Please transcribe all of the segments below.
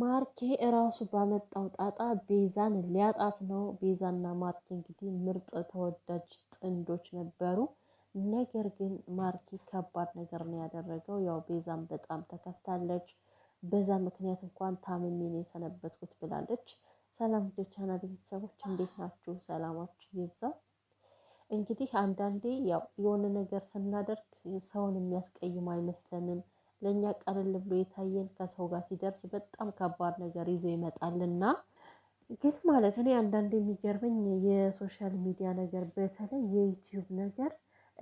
ማርኬ እራሱ ባመጣው ጣጣ ቤዛን ሊያጣት ነው። ቤዛና ማርኬ እንግዲህ ምርጥ ተወዳጅ ጥንዶች ነበሩ። ነገር ግን ማርኬ ከባድ ነገር ነው ያደረገው። ያው ቤዛን በጣም ተከፍታለች። በዛ ምክንያት እንኳን ታምሜ ነው የሰነበትኩት ብላለች። ሰላም ቻና ቤተሰቦች እንዴት ናችሁ? ሰላማችሁ ይብዛ። እንግዲህ አንዳንዴ ያው የሆነ ነገር ስናደርግ ሰውን የሚያስቀይም አይመስለንም። ለእኛ ቀለል ብሎ የታየን ከሰው ጋር ሲደርስ በጣም ከባድ ነገር ይዞ ይመጣልና ግን ማለት እኔ አንዳንድ የሚገርመኝ የሶሻል ሚዲያ ነገር በተለይ የዩትዩብ ነገር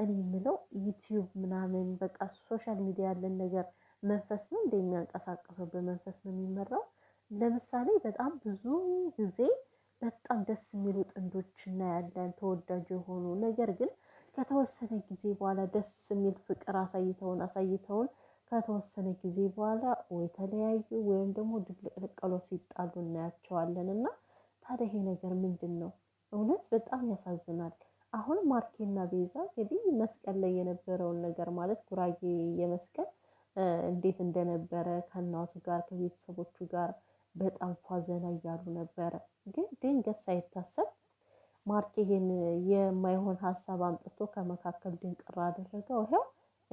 እኔ የምለው ዩትዩብ ምናምን በቃ ሶሻል ሚዲያ ያለን ነገር መንፈስ ነው እንደ የሚያንቀሳቀሰው በመንፈስ ነው የሚመራው። ለምሳሌ በጣም ብዙ ጊዜ በጣም ደስ የሚሉ ጥንዶች እናያለን ተወዳጅ የሆኑ ነገር ግን ከተወሰነ ጊዜ በኋላ ደስ የሚል ፍቅር አሳይተውን አሳይተውን ከተወሰነ ጊዜ በኋላ ወይ ተለያዩ ወይም ደግሞ ድብልቅልቀሎ ሲጣሉ እናያቸዋለን። እና ታዲያ ይሄ ነገር ምንድን ነው? እውነት በጣም ያሳዝናል። አሁን ማርኬና ቤዛ እንግዲህ መስቀል ላይ የነበረውን ነገር ማለት ጉራጌ የመስቀል እንዴት እንደነበረ ከእናቱ ጋር ከቤተሰቦቹ ጋር በጣም ፏዘና እያሉ ነበረ። ግን ድንገት ሳይታሰብ ማርኬ ይሄን የማይሆን ሀሳብ አምጥቶ ከመካከል ድንቅራ አደረገው። ይኸው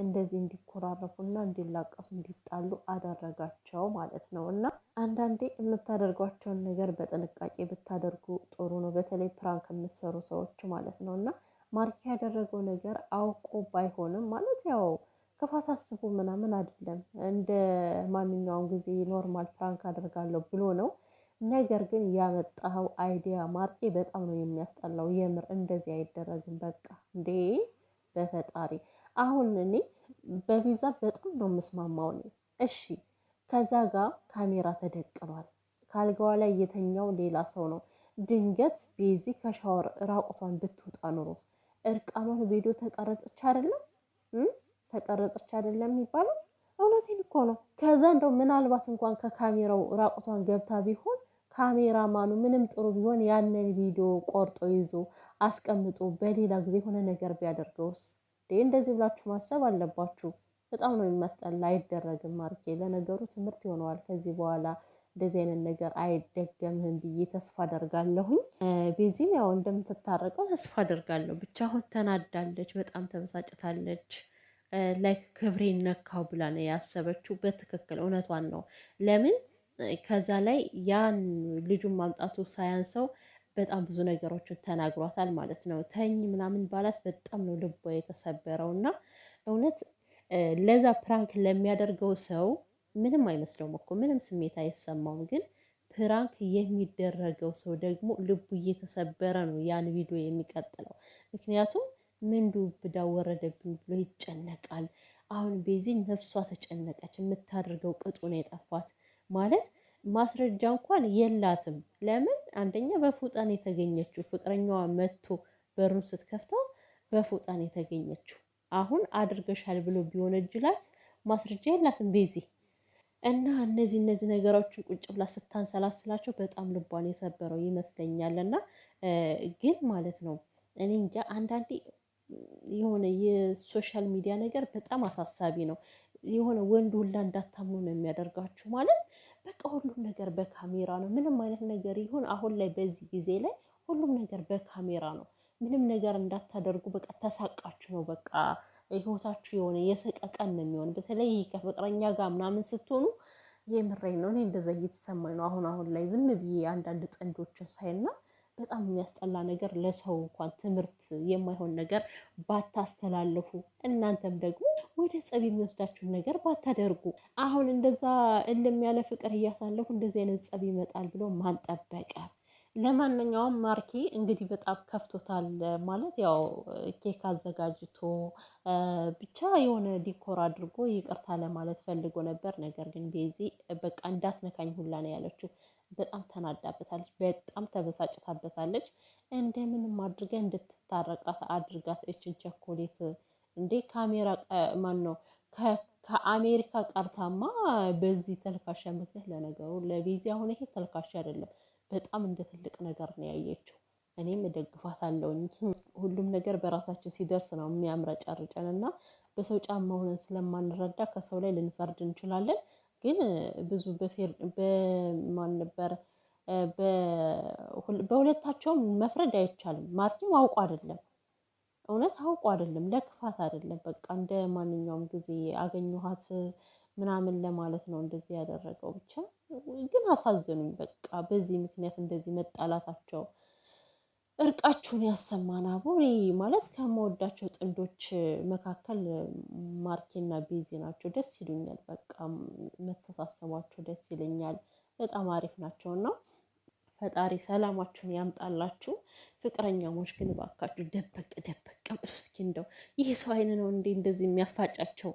እንደዚህ እንዲኮራረፉና እንዲላቀሱ እንዲጣሉ አደረጋቸው ማለት ነው። እና አንዳንዴ የምታደርጓቸውን ነገር በጥንቃቄ ብታደርጉ ጥሩ ነው። በተለይ ፕራንክ የምትሰሩ ሰዎች ማለት ነው። እና ማርኬ ያደረገው ነገር አውቆ ባይሆንም ማለት ያው ክፋት አስቦ ምናምን አይደለም፣ እንደ ማንኛውም ጊዜ ኖርማል ፕራንክ አደርጋለሁ ብሎ ነው። ነገር ግን ያመጣኸው አይዲያ ማርኬ በጣም ነው የሚያስጠላው። የምር እንደዚህ አይደረግም። በቃ እንዴ በፈጣሪ አሁን እኔ በቪዛ በጣም ነው የምስማማው። እኔ እሺ፣ ከዛ ጋር ካሜራ ተደቅኗል። ካልጋዋ ላይ የተኛው ሌላ ሰው ነው። ድንገት ቤዚ ከሻወር ራቁቷን ብትወጣ ኑሮ እርቃኗን ቪዲዮ ተቀረጸች አይደለም ተቀረጸች አይደለም የሚባለው እውነቴን እኮ ነው። ከዛ እንደው ምናልባት እንኳን ከካሜራው ራቁቷን ገብታ ቢሆን ካሜራማኑ ምንም ጥሩ ቢሆን ያንን ቪዲዮ ቆርጦ ይዞ አስቀምጦ በሌላ ጊዜ የሆነ ነገር ቢያደርገውስ እንደዚህ ብላችሁ ማሰብ አለባችሁ። በጣም ነው የሚያስጠላ። አይደረግም። ማርኬ ለነገሩ ትምህርት ይሆነዋል ከዚህ በኋላ እንደዚህ አይነት ነገር አይደገምህም ብዬ ተስፋ አደርጋለሁኝ። ቤዚም ያው እንደምትታረቀው ተስፋ አደርጋለሁ። ብቻ አሁን ተናዳለች፣ በጣም ተበሳጭታለች። ላይክ ክብሬ ነካው ብላ ነው ያሰበችው። በትክክል እውነቷን ነው። ለምን ከዛ ላይ ያን ልጁን ማምጣቱ ሳያንሰው በጣም ብዙ ነገሮችን ተናግሯታል ማለት ነው። ተኝ ምናምን ባላት በጣም ነው ልቧ የተሰበረው እና እውነት ለዛ ፕራንክ ለሚያደርገው ሰው ምንም አይመስለውም እኮ ምንም ስሜት አይሰማውም። ግን ፕራንክ የሚደረገው ሰው ደግሞ ልቡ እየተሰበረ ነው ያን ቪዲዮ የሚቀጥለው። ምክንያቱም ምንዱ ብዳ ወረደብኝ ብሎ ይጨነቃል። አሁን ቤዚ ነፍሷ ተጨነቀች። የምታደርገው ቅጡ ነው የጠፋት ማለት ማስረጃ እንኳን የላትም። ለምን አንደኛ በፎጣን የተገኘችው ፍቅረኛዋ መጥቶ በሩን ስትከፍተው በፎጣን የተገኘችው አሁን አድርገሻል ብሎ ቢሆን እጅላት ማስረጃ የላትም ቤዚ እና እነዚህ እነዚህ ነገሮችን ቁጭ ብላ ስታንሰላስላቸው በጣም ልቧን የሰበረው ይመስለኛል። እና ግን ማለት ነው እኔ እንጃ አንዳንዴ የሆነ የሶሻል ሚዲያ ነገር በጣም አሳሳቢ ነው። የሆነ ወንድ ሁላ እንዳታምኑ ነው የሚያደርጋችሁ ማለት በቃ ሁሉም ነገር በካሜራ ነው። ምንም አይነት ነገር ይሁን አሁን ላይ በዚህ ጊዜ ላይ ሁሉም ነገር በካሜራ ነው። ምንም ነገር እንዳታደርጉ በቃ ተሳቃችሁ ነው በቃ ህይወታችሁ የሆነ የሰቀቀን ነው የሚሆን። በተለይ ከፍቅረኛ ጋር ምናምን ስትሆኑ የምሬን ነው እኔ እንደዛ እየተሰማኝ ነው አሁን አሁን ላይ ዝም ብዬ አንዳንድ ጥንዶችን ሳይና በጣም የሚያስጠላ ነገር፣ ለሰው እንኳን ትምህርት የማይሆን ነገር ባታስተላልፉ፣ እናንተም ደግሞ ወደ ጸብ የሚወስዳችሁን ነገር ባታደርጉ። አሁን እንደዛ እንደሚያለ ፍቅር እያሳለፉ እንደዚህ አይነት ጸብ ይመጣል ብሎ ማን ጠበቀ? ለማንኛውም ማርኬ እንግዲህ በጣም ከፍቶታል። ማለት ያው ኬክ አዘጋጅቶ ብቻ የሆነ ዲኮር አድርጎ ይቅርታ ለማለት ፈልጎ ነበር። ነገር ግን ቤዚ በቃ እንዳትነካኝ ሁላ ነው ያለችው። በጣም ተናዳበታለች፣ በጣም ተበሳጭታበታለች። እንደምንም አድርገህ እንድትታረቃት አድርጋት። እችን ቸኮሌት እንዴ ካሜራ ማን ነው ከአሜሪካ ቀርታማ በዚህ ተልካሻ ምክንያት። ለነገሩ ለቤዚ አሁን ይሄ ተልካሻ አይደለም፣ በጣም እንደ ትልቅ ነገር ነው ያየችው። እኔም እደግፋት አለውኝ። ሁሉም ነገር በራሳችን ሲደርስ ነው የሚያምረጨርጨን እና በሰው ጫማ ሆነን ስለማንረዳ ከሰው ላይ ልንፈርድ እንችላለን። ግን ብዙ በማን ነበር በሁለታቸውም መፍረድ አይቻልም። ማርቲም አውቁ አይደለም፣ እውነት አውቁ አይደለም፣ ለክፋት አይደለም። በቃ እንደ ማንኛውም ጊዜ አገኘኋት ምናምን ለማለት ነው እንደዚህ ያደረገው። ብቻ ግን አሳዘኑኝ። በቃ በዚህ ምክንያት እንደዚህ መጣላታቸው እርቃችሁን ያሰማን። አቡ ማለት ከመወዳቸው ጥንዶች መካከል ማርኬና ቤዜ ናቸው። ደስ ይሉኛል። በቃ መተሳሰባቸው ደስ ይለኛል። በጣም አሪፍ ናቸው እና ፈጣሪ ሰላማችሁን ያምጣላችሁ። ፍቅረኛሞች ግን ባካችሁ ደበቅ ደበቅ ብሎ እስኪ እንደው ይህ ሰው አይን ነው እንዴ እንደዚህ የሚያፋጫቸው?